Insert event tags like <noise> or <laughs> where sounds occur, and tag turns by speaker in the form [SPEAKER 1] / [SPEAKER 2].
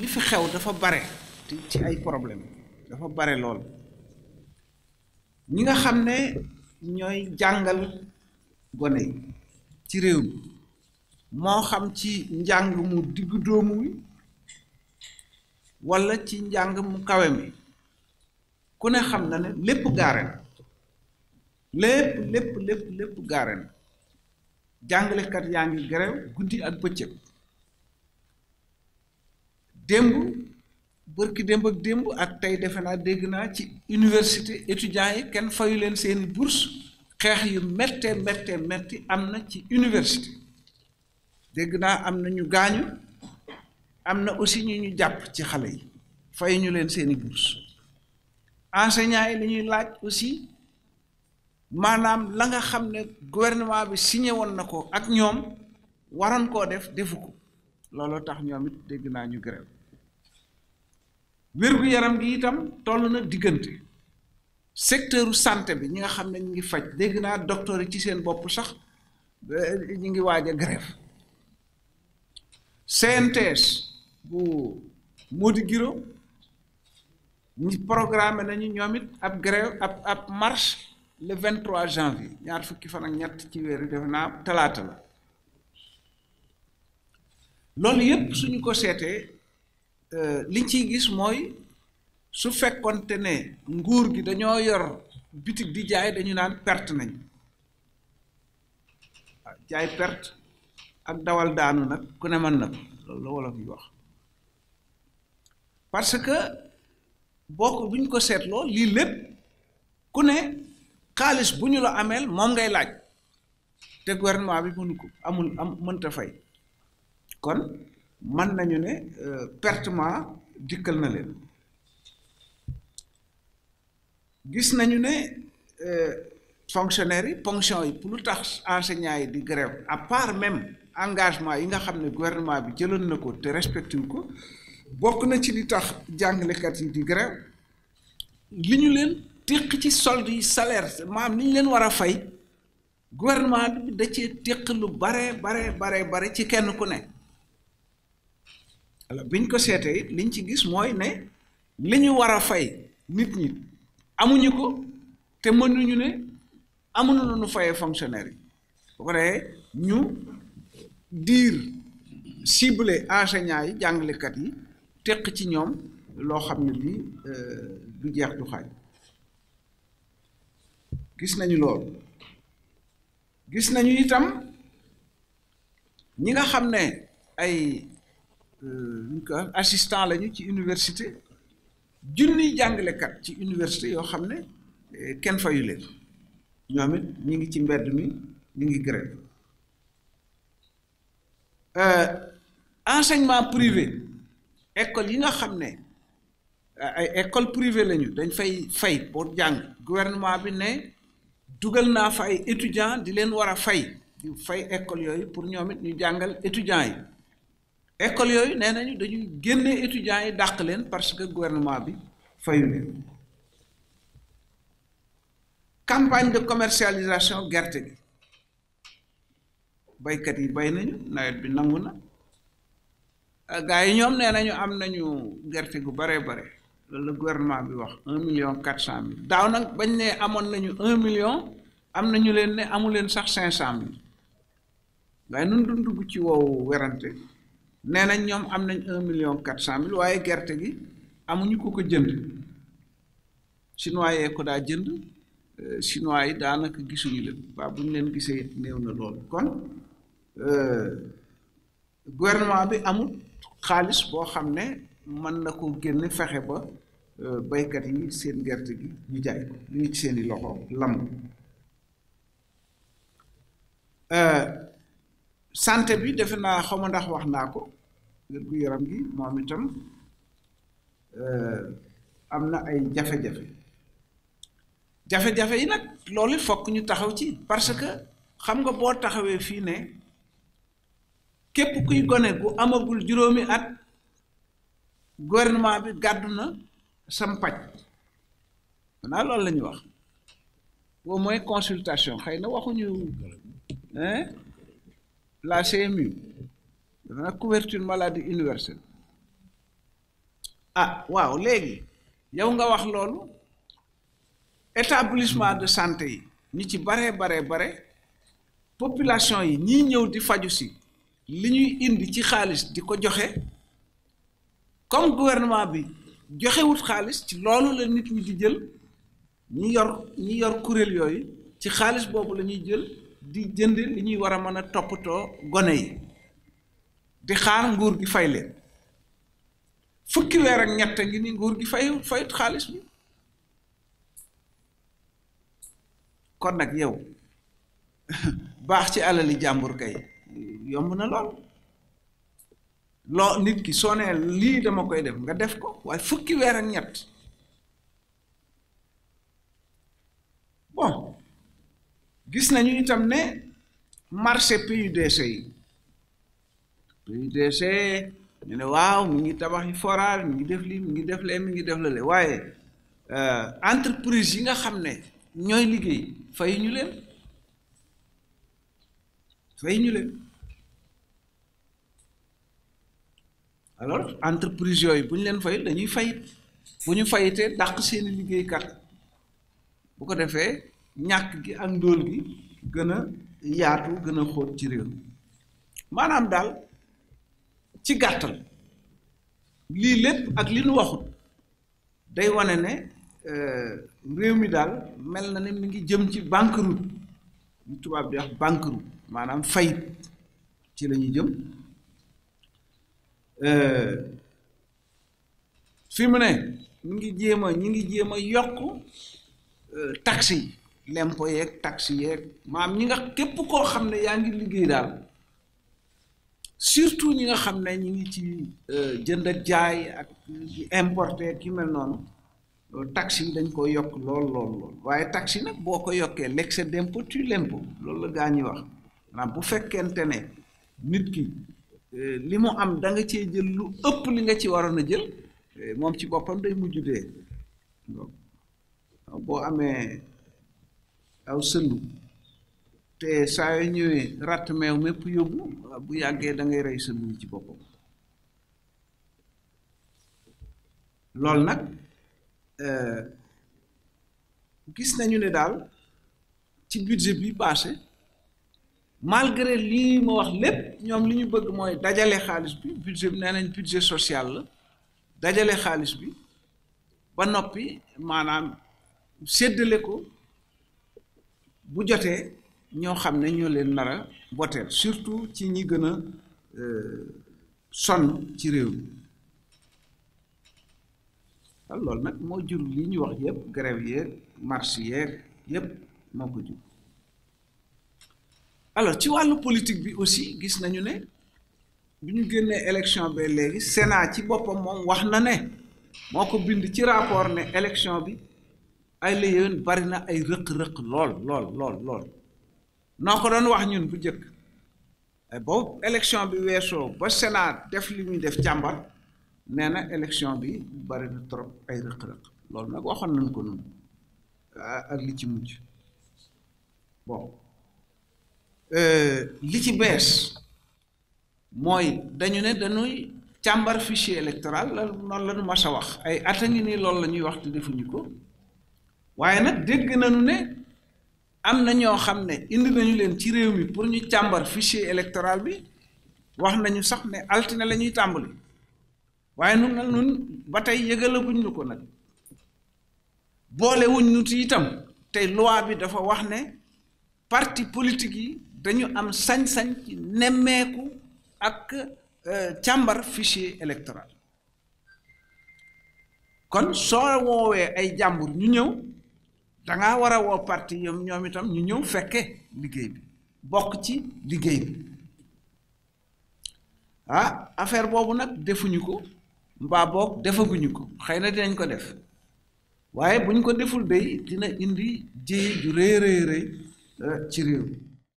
[SPEAKER 1] li fi xew dafa bare ci ay problème dafa bare lool ñi nga xam ne ñooy jàngal gone yi ci réew mi moo xam ci njàng mu diggu doomu wi walla ci njàng mu kawe mi ku ne xam na ne lépp gaare na lépp lépp lépp lépp gaare jàngalekat yaa ngi grève guddi ak bëccëg dembu barki démb ak démb ak tay defena deg na ci université étudiant yi ken fayu len sen bourse xex yu metté metté metti amna na ci université deg na am na ñu gañu am na aussi ñu ñu japp ci xalé yi fay ñu len sen bourse enseignant yi li ñuy laaj aussi manam la nga xamne gouvernement bi signé won na ak ñom waran ko def defu ko tax ñoom it na ñu grève wér-gu-yaram gi itam toll na diggante secteur santé bi ñi nga xam ne ñu ngi faj dégg naa doctor yi ci seen bopp sax eh, ñu ngi waaj a grève CNTS bu Mody Guiro ñi programme nañu ñoom it ab grève ab ab marche le 23 janvier ñaar fukki fan ak ñett ci weeru defe naa talaata la loolu yépp suñu ko seetee Euh, liñ ciy gis mooy su fekkonte ne nguur gi dañoo yor bitig di jaay dañu naan perte nañ waaw ah, jaay perte ak dawal daanu nag ku ne mën na ko loolu la wolof wax parce que bokk buñ ko seetloo lii lépp ku ne xaalis bu ñu la ameel moom ngay laaj te gouvernement bi mënu ko amul am mënta fay kon Man nañu ne euh, pertement dikkal na leen gis nañu ne euh, fonctionnaires yi ponction yi pour lu tax enseignants yi di grève à part même engagement yi nga xam ne gouvernement bi jëloon na ko te respecté wu ko bokk na ci li tax jàngalekat yi di grève li ñu leen ci solde yi salaire maam ni ñu leen war a fay gouvernement bi da cee téq lu bare bare bare bare ci kenn ku ne alors, ko que it ci gis mooy ne li ñu war a fay nit ñi amuñu ko te mënuñu ne amuñu lu ñu fayee fonctionnaire bu ko defee ñu diir ciblé yi jàngalekat yi ci euh, ñu ko am assistant lañu ci université junniy kat ci université yoo xam ne eh, kenn fayu leen ñoom it ñu ngi ci mbedd mi ñu ngi grève euh, enseignement privé école yi nga xam ne eh, ay école privée lañu dañ fay fay pour jàng gouvernement bi ne dugal naa fa ay étudiants di leen war a fay di fay école yooyu pour ñoom it ñu jàngal étudiants yi. école yooyu nee nañu dañuy génne étudiants yi dàq leen parce que gouvernement bi fayu leen campagne de commercialisation gerte gi baykat yi bay nañu nawet bi nangu na ah, gars yi ñoom nee nañu am nañu gerte gu bare bare loolu gouvernement bi wax un million quatre cent mille daaw nag bañ ne amoon nañu un million am nañu leen ne amu leen sax cinq cent mille waaye nun dund ci woowu werante nee nañ ñoom am nañ un million quatre cent mille waaye gerte gi amuñu ko ko jënd chinois yee ko daa jënd euh, chinois yi daanaka gisuñu leen waa bu ñu leen gisee it néew na lool kon euh, gouvernement bi amul xaalis boo xam ne man na ko génne fexe ba euh, baykat yi seen gerte gi ñu jaay ko li ngi ci seeni loxo lam santé bi def naa xaw ma ndax wax naa ko wérgu yaram gi moom itam euh, am na ay jafe-jafe jafe-jafe yi nag loolu fokk ñu taxaw ci parce que xam nga boo taxawee fii ne képp kuy gone gu amagul juróomi at gouvernement bi gàddu na sam paj que loolu la ñu wax au moins consultation xëy na waxuñu hein? la CMU dans couverture maladie universelle ah waouh, légui, yow nga wax lolu, établissement de santé yi ci population yi ni ñëw di faju si li ñuy indi ci di ko joxe comme gouvernement bi wut ci lolu la nit di jël ñi yor ñi yor di jënd li ñuy war a mën a toppatoo gone yi di xaar nguur gi fay leen fukki weer ak ñett gi ni nguur gi fay fayut xaalis bi kon nag yow <laughs> baax ci alali jàmbur kay yomb na lool loo nit ki soo nee lii dama koy def nga def ko waaye fukki weer ak ñett gis nañu itam ne marché PUDC yi PUDC ñu ne waaw mi ngi tabax yi forage mi ngi def lii mu ngi def lee mu ngi def la lee waaye euh, entreprise yi nga xam ne ñooy liggéey fay ñu leen fay ñu leen alors entreprise yooyu bu ñu leen fay dañuy fayit bu ñu fayitee dàq seeni liggéeykat bu ko defee ñàkk gi ak ndóol gi gën a yaatu gën a xóot ci réew maanaam daal ci gàttal lii lépp ak li nu waxut day wane ne euh, réew mi daal mel na ne mi ngi jëm ci banqueroute lu tubaab bi wax banqueroute maanaam fayit ci la ñu jëm euh, fi mu ne mu ngi jéem a ñu ngi jéem a yokk euh, taxi lempo yeek taxi yeek maam ñi nga képp koo xam ne yaa ngi liggéey daal surtout ñi nga xam ne ñi ngi ci euh, jënd jaay ak importé ki mel noonu loolu taxi yi dañ ko yokk lool lool lool waaye taxi nag boo ko yokkee l'excès d'impôt tue l'impôt loolu la gaa ñi wax maanaam bu fekkente ne nit ki euh, li mu am danga cee jël lu ëpp li nga ci waroon a jël euh, moom ci boppam day mujj dee boo amee aw sëllu te saa yoo ñëwee ratt meew mépp yóbbu bu yàggee da ngay rey sëllu yi ci boppam loolu nag euh, gis nañu ne daal ci budget bi passé malgré lii ma wax lépp ñoom li ñu bëgg mooy dajale xaalis bi budget bi nee nañ budget social la dajale xaalis bi ba noppi maanaam séddale ko bu jotee ñoo xam ne ñoo leen nar a boteel surtout ci ñi gën a euh, sonn ci réew mi waaw loolu nag moo jur li ñu wax yëpp grève yeeg marche yeeg yëpp moo ko jur alors ci wàllu politique bi aussi gis nañu ne bi ñu génnee élection ba léegi Sénat ci boppam moom wax na ne moo ko bind ci rapport ne élection bi ay la yéwén bari na ay rëq-rëq lool lool lool lool noo ko doon wax ñun bu jëkk boobu élection bi weesoo ba Sénat def li muy def càmbar nee na élection bi bari trop ay rëq-rëq loolu nag waxoon nañ ko noonu ah, ak li ci mujj bon euh, li ci bees mooy dañu ne dañuy càmbar fichier électoral la noonu la ñu mas wax ay at a ngi nii loolu la ñuy wax te ko waaye nag dégg nañu ne am na ñoo xam ne indi nañu leen ci réew mi pour ñu càmbar fichier électoral bi wax nañu sax ne altine lañuy ñuy tàmbali waaye nun nag nun ba tey yëgalaguñ ñu ko nag boolewuñ wuñ ñu ci itam tey loi bi dafa wax ne parti politique yi dañu am sañ-sañ ci nemmeeku ak euh, càmbar fichier électoral kon soo woowee ay jàmbur ñu ñëw dangaa war a woo parti yom ñoom itam ñu ñëw fekkee liggéey bi bokk ci liggéey bi ah affaire boobu nag defuñu ko mbaa boog defaguñu ko xëy na dinañ ko def waaye buñ ko deful day dina indi jéye ju rëy rëy rëy euh, ci réew mi